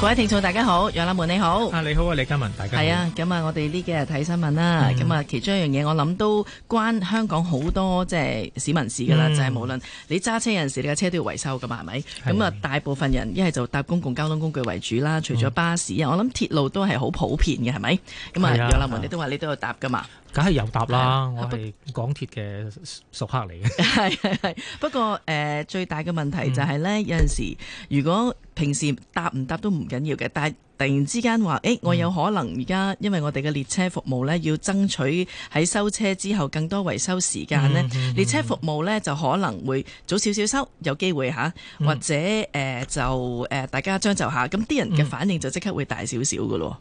各位聽眾大家好，楊立門你好。啊，你好啊李家文，大家好。係啊。咁啊，我哋呢幾日睇新聞啦，咁啊，其中一樣嘢我諗都關香港好多即係市民事噶啦，嗯、就係無論你揸車有陣時，你架車都要維修噶嘛，係咪？咁啊是，大部分人一係就搭公共交通工具為主啦，除咗巴士、嗯、鐵啊，我諗鐵路都係好普遍嘅，係咪？咁啊，楊立門你都話你都有搭噶嘛？梗係有搭啦，啊、我哋港鐵嘅熟客嚟嘅不。 不過、呃、最大嘅問題就係、係、咧，嗯、有陣時如果平時搭唔搭都唔緊要嘅，但突然之間話，誒、欸、我有可能而家，因為我哋嘅列車服務呢，要爭取喺收車之後更多維修時間咧，嗯嗯嗯、列車服務呢，就可能會早少少收，有機會嚇，或者誒、嗯呃、就誒、呃、大家將就下，咁啲人嘅反應就即刻會大少少㗎咯。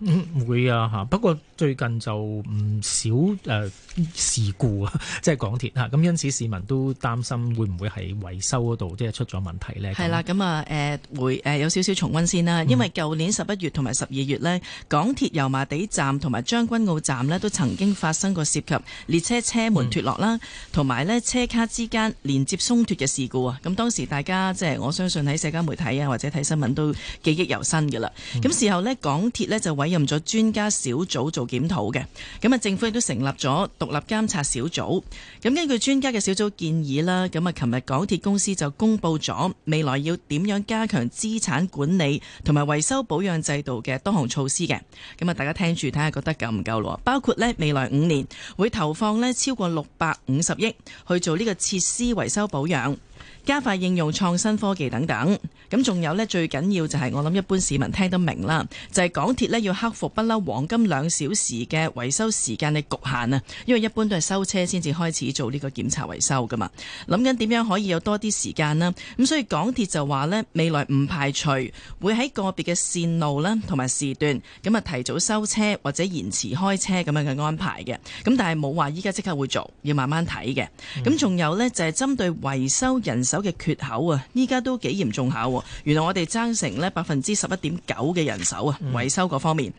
會啊嚇，不過最近就唔少誒、呃、事故是啊，即係港鐵嚇，咁因此市民都擔心會唔會喺維修嗰度即係出咗問題呢？係啦，咁啊誒會誒有少少重温先啦、啊，因為舊年十一月同埋。十二月呢，港鐵油麻地站同埋將軍澳站呢都曾經發生過涉及列車車門脫落啦，同埋呢車卡之間連接鬆脫嘅事故啊！咁當時大家即係我相信喺社交媒體啊，或者睇新聞都記憶猶新噶啦。咁事後呢港鐵呢就委任咗專家小組做檢討嘅。咁啊，政府亦都成立咗獨立監察小組。咁根據專家嘅小組建議啦，咁啊，琴日港鐵公司就公布咗未來要點樣加強資產管理同埋維修保養制度。嘅多項措施嘅，咁啊，大家聽住睇下，看看覺得夠唔夠咯？包括咧，未來五年會投放咧超過六百五十億去做呢個設施維修保養。加快應用創新科技等等，咁仲有呢，最緊要就係我諗一般市民聽得明啦，就係、是、港鐵呢要克服不嬲黃金兩小時嘅維修時間嘅局限啊，因為一般都係收車先至開始做呢個檢查維修㗎嘛。諗緊點樣可以有多啲時間啦，咁所以港鐵就話呢，未來唔排除會喺個別嘅線路啦同埋時段咁啊提早收車或者延遲開車咁樣嘅安排嘅，咁但係冇話依家即刻會做，要慢慢睇嘅。咁仲有呢，就係、是、針對維修人手。嘅缺口啊，依家都幾嚴重下喎。原來我哋爭成呢百分之十一點九嘅人手啊，維修嗰方面。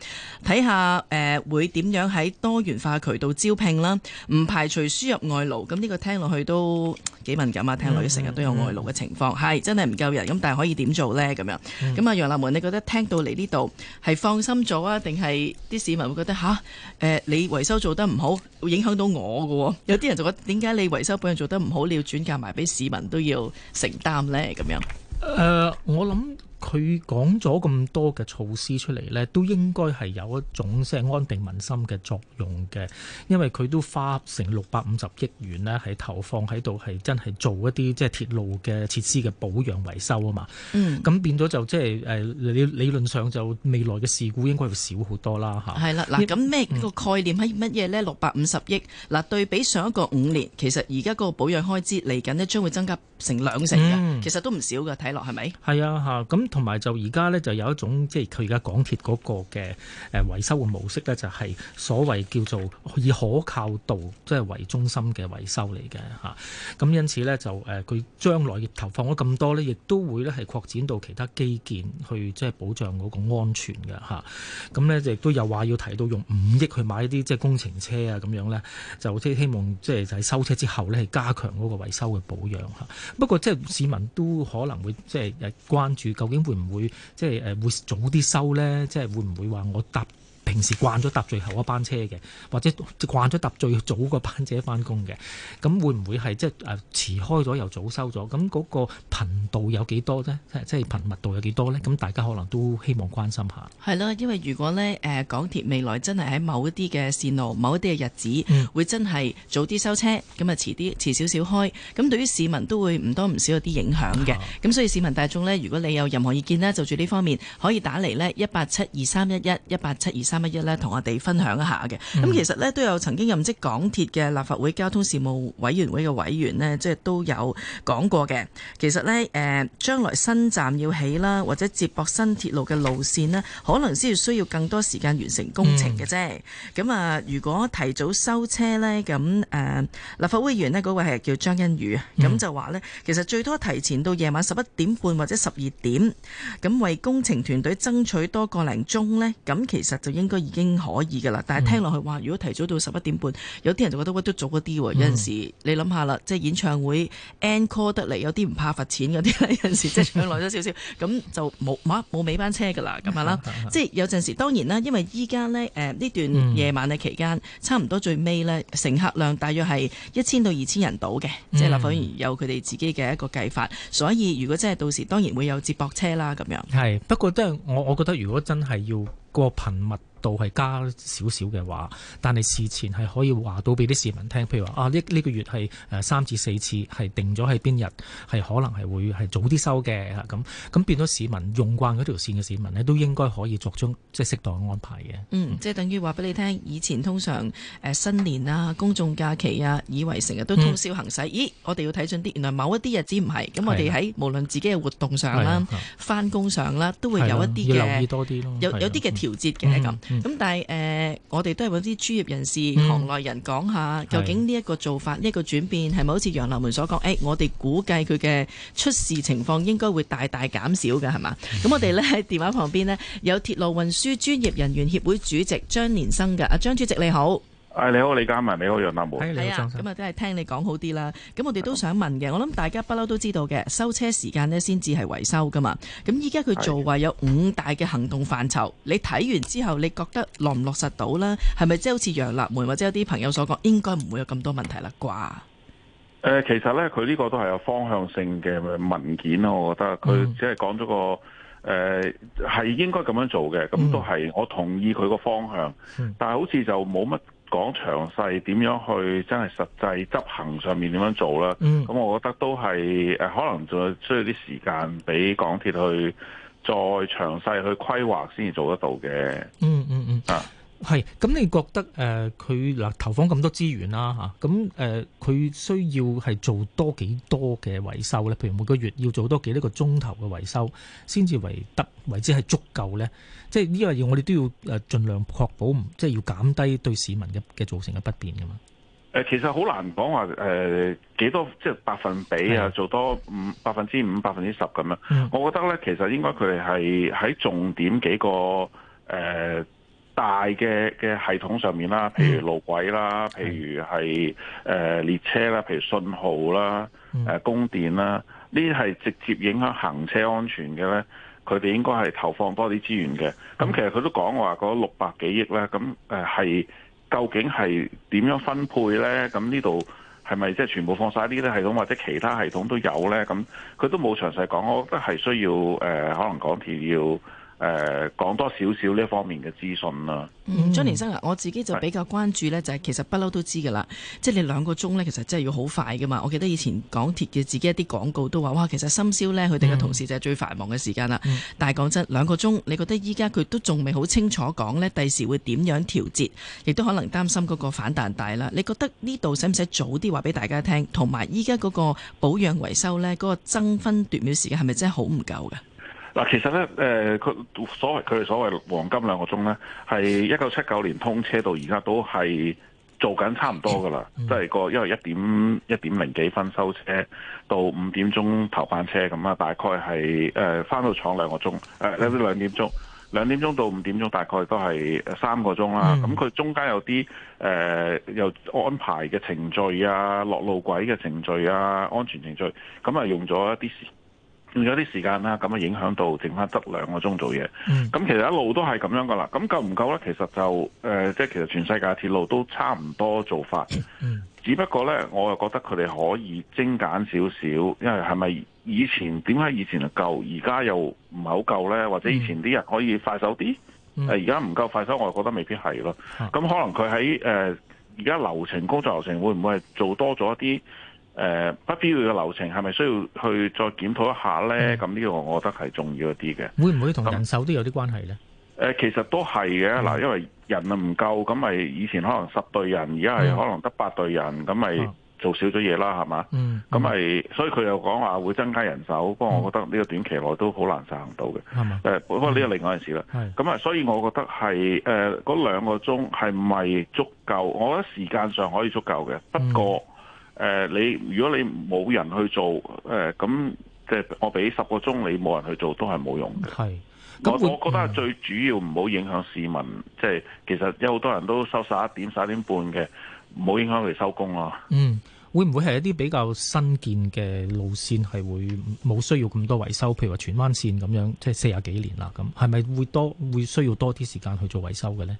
睇下誒會點樣喺多元化渠道招聘啦，唔排除輸入外勞。咁呢個聽落去都，幾敏感啊，聽落成日都有外勞嘅情況，係、mm hmm. 真係唔夠人咁，但係可以點做呢？咁樣咁啊，mm hmm. 楊立門，你覺得聽到嚟呢度係放心咗啊，定係啲市民會覺得吓，誒？你維修做得唔好，會影響到我㗎？有啲人就覺得點解你維修本嚟做得唔好，你要轉嫁埋俾市民都要承擔呢？」咁樣誒，我諗。佢講咗咁多嘅措施出嚟呢，都應該係有一種即係安定民心嘅作用嘅，因為佢都花成六百五十億元呢，係投放喺度係真係做一啲即係鐵路嘅設施嘅保養維修啊嘛。嗯，咁變咗就即係、誒、理理論上就未來嘅事故應該會少好多啦嚇係啦，嗱咁咩個概念係乜嘢呢？六百五十億嗱、嗯、對比上一個五年，其實而家個保養開支嚟緊呢，將會增加成兩成嘅，嗯、其實都唔少嘅，睇落係咪？係啊嚇咁。同埋就而家咧，就有一種即係佢而家港鐵嗰個嘅誒維修嘅模式咧，就係、是、所謂叫做以可靠度即係為中心嘅維修嚟嘅吓，咁、啊、因此咧就誒佢、呃、將來投放咗咁多咧，亦都會咧係擴展到其他基建去，即係保障嗰個安全嘅吓，咁咧亦都有話要提到用五億去買一啲即係工程車啊咁樣咧，就即係希望即係就喺收車之後咧係加強嗰個維修嘅保養吓、啊，不過即係市民都可能會即係誒關注究竟。會唔會即係誒會早啲收咧？即係會唔會話我搭？平時慣咗搭最後一班車嘅，或者慣咗搭最早嗰班車翻工嘅，咁會唔會係即係誒遲開咗又早收咗？咁嗰個頻度有幾多咧？即係頻密度有幾多呢？咁大家可能都希望關心一下。係啦，因為如果呢誒港鐵未來真係喺某一啲嘅線路、某一啲嘅日子，嗯、會真係早啲收車，咁啊遲啲遲少少開，咁對於市民都會唔多唔少有啲影響嘅。咁所以市民大眾呢，如果你有任何意見呢，就住呢方面可以打嚟呢一八七二三一一一八七二三一一咧，同我哋分享一下嘅。咁其實咧，都有曾經任職港鐵嘅立法會交通事務委員會嘅委員咧，即係都有講過嘅。其實咧，誒，將來新站要起啦，或者接駁新鐵路嘅路線咧，可能先至需要更多時間完成工程嘅啫。咁啊，如果提早收車咧，咁誒，立法會員呢咧，嗰位係叫張欣宇啊，咁、嗯、就話咧，其實最多提前到夜晚十一點半或者十二點，咁為工程團隊爭取多個零鐘咧，咁其實就應應該已經可以㗎啦，但係聽落去哇，如果提早到十一點半，有啲人就覺得哇都早一啲喎。有陣時、嗯、你諗下啦，即係演唱會 encore 得嚟，有啲唔怕罰錢嗰啲，有陣時即係唱耐咗少少，咁 就冇冇、啊、尾班車㗎啦，咁樣啦， 即係有陣時當然啦，因為依家咧誒呢、呃、段夜晚嘅期間，差唔多最尾咧乘客量大約係一千到二千人度嘅，即係立法員有佢哋自己嘅一個計法，所以如果真係到時當然會有接駁車啦咁樣。係不過都係我我覺得，如果真係要過頻密。度係加少少嘅話，但係事前係可以話到俾啲市民聽，譬如話啊，呢、這、呢個月係三至四次，係定咗喺邊日，係可能係會係早啲收嘅咁，咁變咗市民用慣嗰條線嘅市民呢，都應該可以作出即係適當嘅安排嘅。嗯，嗯即係等於話俾你聽，以前通常新年啊、公眾假期啊，以為成日都通宵行駛，嗯、咦？我哋要睇準啲，原來某一啲日子唔係咁，嗯、我哋喺的無論自己嘅活動上啦、翻工的上啦，都會有一啲嘅，留意多啲囉，有有啲嘅調節嘅咁。嗯咁、嗯、但係誒、呃、我哋都係揾啲專業人士、嗯、行內人講下，究竟呢一個做法、呢一個轉變係咪好似楊立門所講誒、哎，我哋估計佢嘅出事情況應該會大大減少嘅，係嘛？咁 我哋咧喺電話旁邊咧有鐵路運輸專業人員協會主席張年生嘅，啊張主席你好。誒、哎，你好，李嘉文，你好，楊立梅。係你好，咁啊，都係聽你講好啲啦。咁我哋都想問嘅，我諗大家不嬲都知道嘅，收車時間呢先至係維修噶嘛。咁依家佢做話有五大嘅行動範疇，的你睇完之後，你覺得落唔落實到啦？係咪即係好似楊立梅或者有啲朋友所講，應該唔會有咁多問題啦？啩？誒，其實咧，佢呢個都係有方向性嘅文件咯。我覺得佢只係講咗個誒，係、嗯、呃、應該咁樣做嘅。咁都係，嗯、我同意佢個方向，嗯、但係好似就冇乜。講詳細點樣去，真係實際執行上面點樣做啦。咁、嗯、我覺得都係誒、可能仲需要啲時間俾港鐵去再詳細去規劃，先至做得到嘅、嗯。嗯嗯嗯啊。係，咁你覺得誒佢嗱投放咁多資源啦嚇，咁誒佢需要係做多幾多嘅維修咧？譬如每個月要做多幾多個鐘頭嘅維修，先至為得為之係足夠咧？即係呢樣嘢，我哋都要誒盡量確保唔，即係要減低對市民嘅嘅造成嘅不便噶嘛？誒，其實好難講話誒幾多即係百分比啊，的做多五百分之五百分之十咁樣。嗯。我覺得咧，其實應該佢係喺重點幾個誒。呃大嘅嘅系統上面啦，譬如路軌啦，譬如係誒列車啦，譬如信號啦，誒供電啦，呢啲係直接影響行車安全嘅咧，佢哋應該係投放多啲資源嘅。咁其實說說，佢都講話嗰六百幾億咧，咁誒係究竟係點樣分配咧？咁呢度係咪即係全部放晒呢啲系統或者其他系統都有咧？咁佢都冇詳細講，我覺得係需要誒、呃、可能港鐵要。誒講、呃、多少少呢方面嘅資訊啦、嗯。張年生啊，我自己就比較關注呢，就係是其實不嬲都知噶啦，即係你兩個鐘呢，其實真係要好快噶嘛。我記得以前港鐵嘅自己一啲廣告都話，哇，其實深宵呢，佢哋嘅同事就係最繁忙嘅時間啦。嗯、但係講真，兩個鐘，你覺得依家佢都仲未好清楚講呢，第時會點樣調節，亦都可能擔心嗰個反彈大啦。你覺得呢度使唔使早啲話俾大家聽？同埋依家嗰個保養維修呢，嗰、嗰個爭分奪秒時間係咪真係好唔夠嘅？嗯嗱，其實咧，誒、呃，佢所謂佢哋所謂黃金兩個鐘咧，係一九七九年通車到而家都係做緊差唔多噶啦，即係個因為一點一點零幾分收車到五點鐘頭班車咁啊，大概係誒返到廠兩個鐘誒兩點鐘兩點鐘到五點鐘大概都係三個鐘啦、啊。咁佢、嗯嗯、中間有啲誒有安排嘅程序啊、落路軌嘅程序啊、安全程序，咁啊用咗一啲時。用咗啲時間啦，咁啊影響到淨翻得兩個鐘做嘢。咁、嗯、其實一路都係咁樣噶啦。咁夠唔夠呢？其實就誒，即、呃、係其實全世界鐵路都差唔多做法。嗯嗯、只不過呢，我又覺得佢哋可以精簡少少，因為係咪以前點解以前就夠，而家又唔係好夠呢？或者以前啲人可以快手啲，誒而家唔夠快手，我就覺得未必係咯。咁、嗯、可能佢喺誒而家流程工作流程會唔會係做多咗一啲？誒不必要嘅流程係咪需要去再檢討一下咧？咁呢個我覺得係重要一啲嘅。會唔會同人手都有啲關係咧？誒，其實都係嘅嗱，因為人啊唔夠，咁咪以前可能十對人，而家係可能得八對人，咁咪做少咗嘢啦，係嘛？咁咪所以佢又講話會增加人手，不過我覺得呢個短期內都好難實行到嘅。誒，不過呢個另外一件事啦。咁啊，所以我覺得係誒嗰兩個鐘係咪足夠？我覺得時間上可以足夠嘅，不過。誒，你如果你冇人去做，誒，咁即係我俾十個鐘，你冇人去做都係冇用嘅。係，我我覺得最主要唔好影響市民，即係、嗯、其實有好多人都收十一點、十一點半嘅，唔好影響佢收工咯，啊。嗯，會唔會係一啲比較新建嘅路線係會冇需要咁多維修？譬如話荃灣線咁樣，即係四十幾年啦，咁係咪會多會需要多啲時間去做維修嘅咧？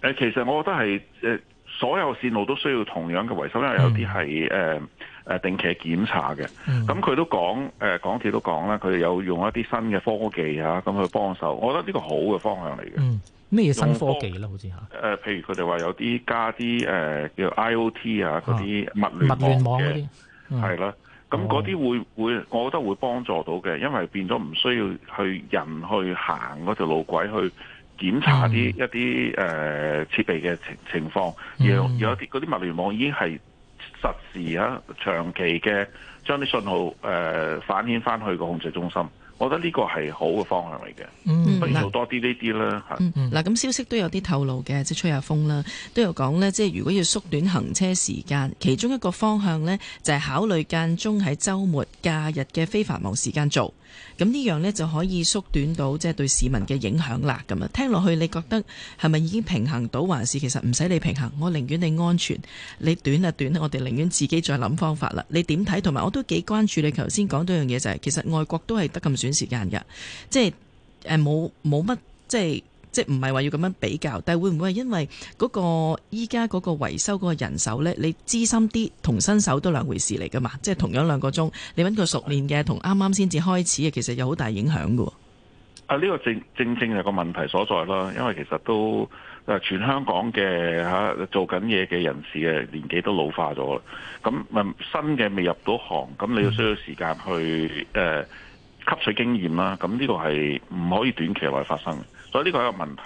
誒，其實我覺得係誒。呃所有線路都需要同樣嘅維修，因為有啲係誒誒定期檢查嘅。咁佢、嗯、都講，誒、呃、港鐵都講啦，佢哋有用一啲新嘅科技啊，咁去幫手。我覺得呢個好嘅方向嚟嘅。咩、嗯、新科技咧？好似嚇譬如佢哋話有啲加啲誒、呃、叫 IOT 啊嗰啲物聯物聯網嘅，係啦。咁嗰啲會會，哦、我覺得會幫助到嘅，因為變咗唔需要去人去行嗰條路軌去。檢查啲一啲誒、嗯呃、設備嘅情情況，有有啲嗰啲物聯網已經係實時啊長期嘅，將啲信號誒反映翻去個控制中心。我覺得呢個係好嘅方向嚟嘅，不如做多啲呢啲啦嗱，咁消息都有啲透露嘅，即係吹下風啦，都有講呢。即係如果要縮短行車時間，其中一個方向呢，就係考慮間中喺週末假日嘅非繁忙時間做。咁呢樣呢，就可以縮短到即係對市民嘅影響啦。咁啊，聽落去你覺得係咪已經平衡到，還是其實唔使你平衡？我寧願你安全，你短啊短我哋寧願自己再諗方法啦。你點睇？同埋我都幾關注你頭先講到一樣嘢就係，其實外國都係得咁少。短時間嘅，即係誒冇冇乜，即係即係唔係話要咁樣比較，但係會唔會係因為嗰個依家嗰個維修嗰個人手呢？你資深啲同新手都兩回事嚟噶嘛？即係同樣兩個鐘，你揾個熟練嘅同啱啱先至開始嘅，其實有好大影響噶。啊，呢、這個正正正係個問題所在啦，因為其實都誒全香港嘅、吓、啊、做緊嘢嘅人士嘅年紀都老化咗啦，咁新嘅未入到行，咁你要需要時間去誒。呃吸取經驗啦，咁呢個係唔可以短期內發生，所以呢個係一個問題。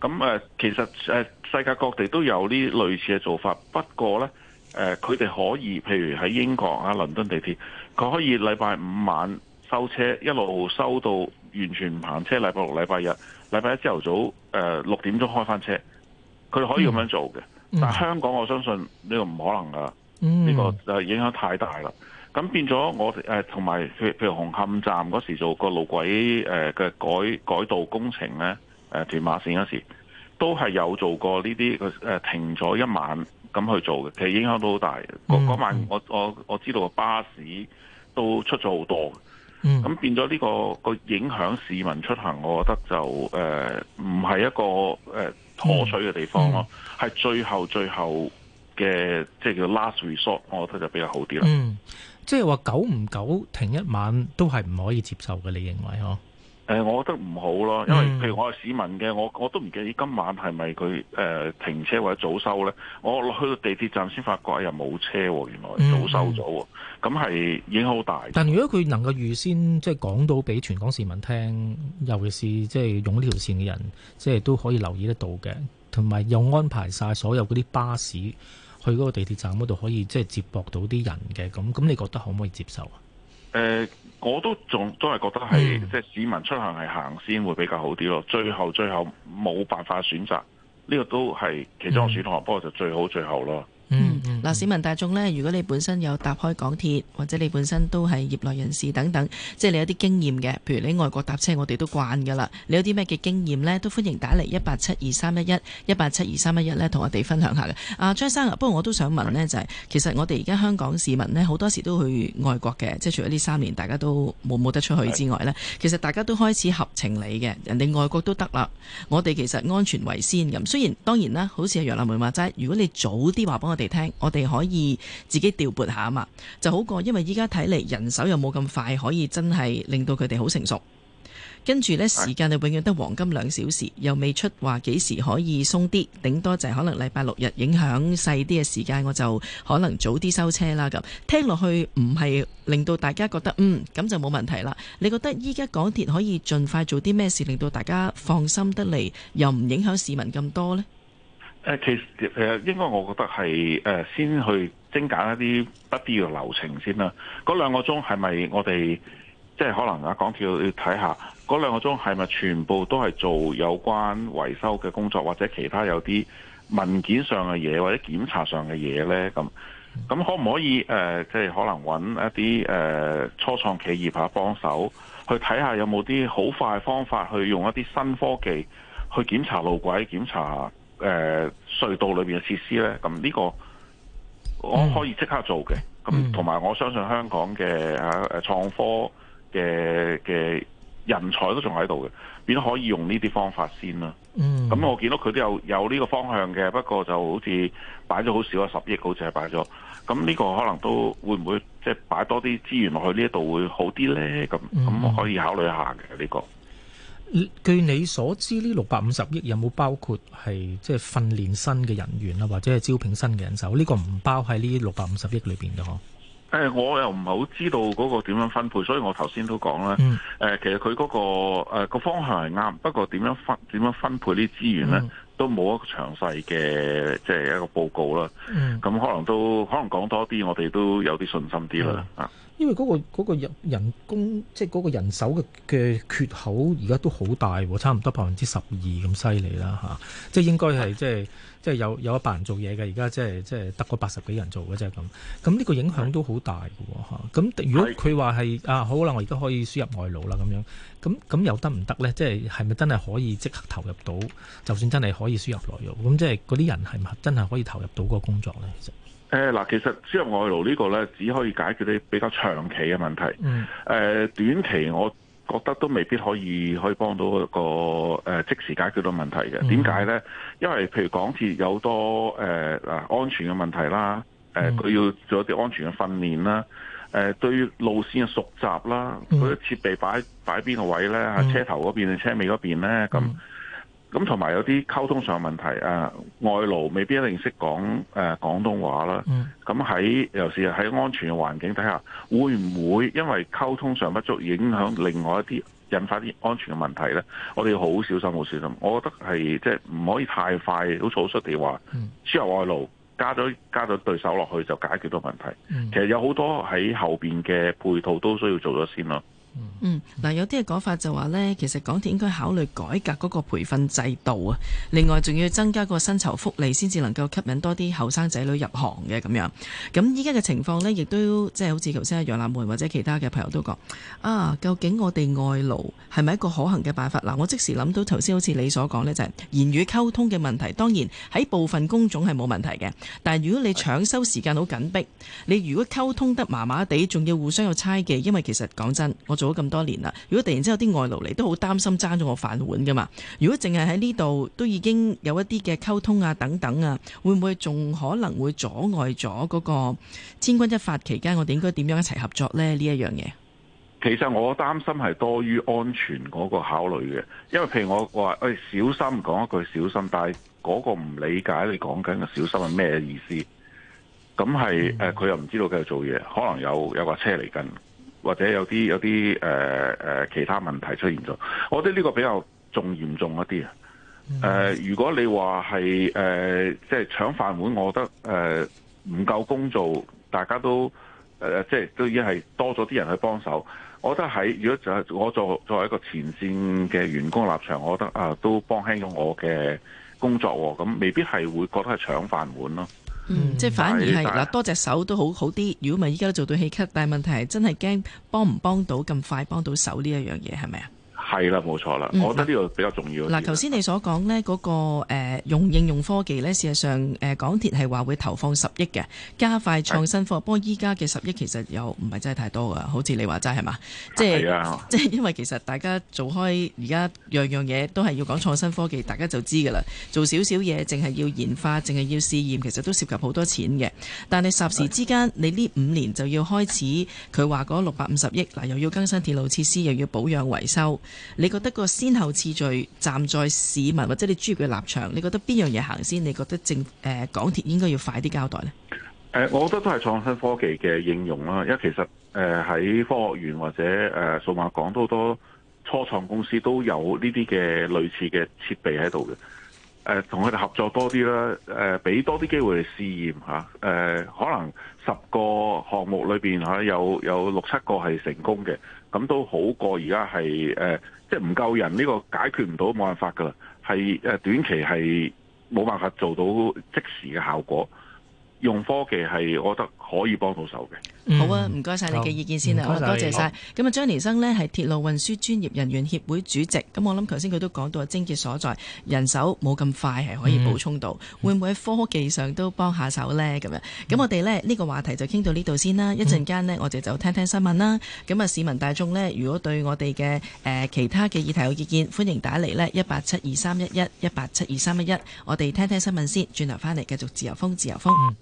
咁其實誒世界各地都有啲類似嘅做法，不過呢，誒、呃，佢哋可以，譬如喺英國啊，倫敦地鐵，佢可以禮拜五晚收車，一路收到完全唔行車，禮拜六、禮拜日、禮拜一朝頭早誒六點鐘開返車，佢可以咁樣做嘅。嗯、但香港我相信呢個唔可能㗎，呢、嗯、個影響太大啦。咁變咗我誒同埋，譬、呃、如譬如紅磡站嗰時做個路軌誒嘅、呃、改改道工程咧，誒、呃、斷馬線嗰時，都係有做過呢啲、呃、停咗一晚咁去做嘅，其實影響都好大。嗰、嗯、晚我我我知道個巴士都出咗好多。咁、嗯、變咗呢、呢個個影響市民出行，我覺得就誒唔係一個誒、呃、可取嘅地方咯，係、嗯嗯、最後最後嘅即係叫 last resort，我覺得就比較好啲啦。嗯。即係話久唔久停一晚都係唔可以接受嘅，你認為呵？誒、呃，我覺得唔好咯，因為譬如我係市民嘅、嗯，我我都唔記得今晚係咪佢誒停車或者早收呢。我落去到地鐵站先發覺又冇、哎呃、車，原來早收咗喎。咁係影響好大。但如果佢能夠預先即係講到俾全港市民聽，尤其是即係用呢條線嘅人，即係都可以留意得到嘅，同埋又安排晒所有嗰啲巴士。去嗰個地鐵站嗰度可以即係接駁到啲人嘅，咁咁你覺得可唔可以接受啊？誒、呃，我都仲都係覺得係即係市民出行係行先會比較好啲咯。最後最後冇辦法選擇，呢、這個都係其中個選項， 不過就最好最後咯。嗯。 嗱，嗯嗯市民大眾呢，如果你本身有搭開港鐵，或者你本身都係業內人士等等，即係你有啲經驗嘅，譬如你外國搭車，我哋都慣噶啦。你有啲咩嘅經驗呢？都歡迎打嚟一八七二三一一一八七二三一一呢，同我哋分享下嘅。阿、啊、張生啊，不過我都想問呢，就係、是、其實我哋而家香港市民呢，好多時都去外國嘅，即係除咗呢三年大家都冇冇得出去之外呢，的其實大家都開始合情理嘅，人哋外國都得啦，我哋其實安全為先咁。雖然當然啦，好似阿楊立梅話齋，如果你早啲話俾我哋聽。我哋可以自己調撥下嘛，就好過，因為依家睇嚟人手又冇咁快，可以真係令到佢哋好成熟。跟住呢時間，就永遠得黃金兩小時，又未出話幾時可以鬆啲，頂多就係可能禮拜六日影響細啲嘅時間，我就可能早啲收車啦。咁聽落去唔係令到大家覺得嗯咁就冇問題啦。你覺得依家港鐵可以盡快做啲咩事，令到大家放心得嚟，又唔影響市民咁多呢？其實誒，應該我覺得係誒，先去精簡一啲不必要流程先啦。嗰兩個鐘係咪我哋即係可能啊？港鐵要睇下嗰兩個鐘係咪全部都係做有關維修嘅工作，或者其他有啲文件上嘅嘢，或者檢查上嘅嘢咧？咁咁可唔可以誒？即、呃、係、就是、可能揾一啲誒、呃、初創企業啊，幫手去睇下有冇啲好快方法去用一啲新科技去檢查路軌，檢查下。誒隧道裏面嘅設施呢，咁呢個我可以即刻做嘅。咁同埋我相信香港嘅嚇誒創科嘅嘅人才都仲喺度嘅，變咗可以用呢啲方法先啦。咁、嗯、我見到佢都有有呢個方向嘅，不過就好似擺咗好少啊，十億好似係擺咗。咁呢個可能都會唔會即係擺多啲資源落去呢一度會好啲呢？咁咁可以考慮下嘅呢、呢個。據你所知，呢六百五十億有冇包括係即係訓練新嘅人員啦，或者係招聘新嘅人手？呢、這個唔包喺呢六百五十億裏邊嘅呵？誒、呃，我又唔係好知道嗰個點樣分配，所以我頭先都講啦。誒、嗯呃，其實佢嗰、那個誒、呃、方向係啱，不過點樣分點樣分配啲資源呢，嗯、都冇一個詳細嘅即係一個報告啦。咁、嗯、可能都可能講多啲，我哋都有啲信心啲啦。嗯。因為嗰個嗰個人人工即係嗰個人手嘅嘅缺口而家都好大，差唔多百分之十二咁犀利啦，吓，即係應該係即係即係有有一百人做嘢嘅，而家即係即係得個八十幾人做嘅啫咁。咁呢個影響都好大嘅吓。咁如果佢話係啊，好啦，我而家可以輸入外勞啦咁樣，咁咁又得唔得咧？即係係咪真係可以即刻投入到？就算真係可以輸入內勞，咁即係嗰啲人係咪真係可以投入到嗰個工作咧？其實？誒，嗱、呃，其實輸入外勞呢個咧，只可以解決啲比較長期嘅問題。誒、嗯呃，短期我覺得都未必可以可以幫到一、那個誒、呃、即時解決到問題嘅。點解咧？因為譬如港鐵有多誒嗱、呃、安全嘅問題啦，誒、呃、佢、嗯、要做一啲安全嘅訓練啦，誒、呃、對於路綫嘅熟習啦，啲設、嗯、備擺擺邊個位咧，嗯、車頭嗰邊車尾嗰邊咧咁。嗯嗯咁同埋有啲溝通上問題，啊、呃、外勞未必一定識講誒廣東話啦。咁喺尤其是喺安全嘅環境底下，會唔會因為溝通上不足，影響另外一啲引發啲安全嘅問題咧？Mm. 我哋要好，好小心，好小心。我覺得係即係唔可以太快好草率地話、mm. 輸入外勞加咗加咗對手落去就解決到問題。Mm. 其實有好多喺後面嘅配套都需要做咗先咯。嗯，嗱、嗯，有啲嘅講法就話呢，其實港鐵應該考慮改革嗰個培訓制度啊。另外，仲要增加個薪酬福利，先至能夠吸引多啲後生仔女入行嘅咁樣。咁依家嘅情況呢，亦都即係好似頭先阿楊立梅或者其他嘅朋友都講啊，究竟我哋外勞係咪一個可行嘅辦法？嗱，我即時諗到頭先好似你所講呢，就係言語溝通嘅問題。當然喺部分工種係冇問題嘅，但係如果你搶修時間好緊迫，你如果溝通得麻麻地，仲要互相有猜忌，因為其實講真，我咗咁多年啦，如果突然之間有啲外勞嚟，都好擔心爭咗我飯碗噶嘛。如果淨係喺呢度，都已經有一啲嘅溝通啊，等等啊，會唔會仲可能會阻礙咗嗰個千鈞一髮期間，我哋應該點樣一齊合作呢？呢一樣嘢，其實我擔心係多於安全嗰個考慮嘅，因為譬如我話，誒、欸、小心講一句小心，但係嗰個唔理解你講緊嘅小心係咩意思？咁係誒，佢、嗯、又唔知道繼續做嘢，可能有有架車嚟緊。或者有啲有啲誒、呃呃、其他問題出現咗，我覺得呢個比較仲嚴重一啲啊、呃！如果你話係誒，即、呃、係、就是、搶飯碗，我覺得誒唔、呃、夠工做，大家都誒、呃、即係都已經係多咗啲人去幫手。我覺得喺如果就係我作作為一個前線嘅員工立場，我覺得啊、呃、都幫輕咗我嘅工作喎，咁未必係會覺得係搶飯碗咯。嗯，嗯即係反而係嗱，多隻手都好好啲。如果唔係依家都做到氣咳，但係問題係真係驚幫唔幫到咁快幫到手呢一樣嘢，係咪啊？係啦，冇錯啦。錯嗯、我覺得呢個比較重要嗱。頭先你所講呢嗰個用、呃、應用科技呢，事實上誒、呃、港鐵係話會投放十億嘅加快創新科。不過，依家嘅十億其實又唔係真係太多噶，好似你話齋係嘛？的即係的即係，因為其實大家做開而家樣樣嘢都係要講創新科技，大家就知㗎啦。做少少嘢，淨係要研發，淨係要試驗，其實都涉及好多錢嘅。但係霎時之間，你呢五年就要開始佢話嗰六百五十億嗱，又要更新鐵路設施，又要保養維修。你覺得個先後次序，站在市民或者你專業嘅立場，你覺得邊樣嘢行先？你覺得政誒、呃、港鐵應該要快啲交代呢？誒、呃，我覺得都係創新科技嘅應用啦，因為其實誒喺、呃、科學園或者誒數碼港都好多初創公司都有呢啲嘅類似嘅設備喺度嘅。誒、呃，同佢哋合作多啲啦，誒、呃，俾多啲機會嚟試驗吓，誒、啊呃，可能十個項目裏邊吓、啊、有有六七個係成功嘅。咁都好過而家係，誒，即係唔夠人呢個解決唔到，冇辦法㗎啦，係，誒，短期係冇辦法做到即時嘅效果，用科技係我覺得。可以幫到手嘅，嗯、好啊！唔該晒你嘅意見先啦，咁、嗯、多謝晒。咁啊，張年生呢係鐵路運輸專業人員協會主席，咁我諗頭先佢都講到啊，症結所在人手冇咁快係可以補充到，嗯、會唔會喺科技上都幫下手呢？咁樣、嗯，咁我哋呢呢、呢個話題就傾到呢度先啦。一陣間呢，我哋就聽聽新聞啦。咁啊、嗯，市民大眾呢，如果對我哋嘅、呃、其他嘅議題有意見，歡迎打嚟呢一八七二三一一一八七二三一一，11, 11, 我哋聽聽新聞先，轉頭翻嚟繼續自由風自由風。嗯。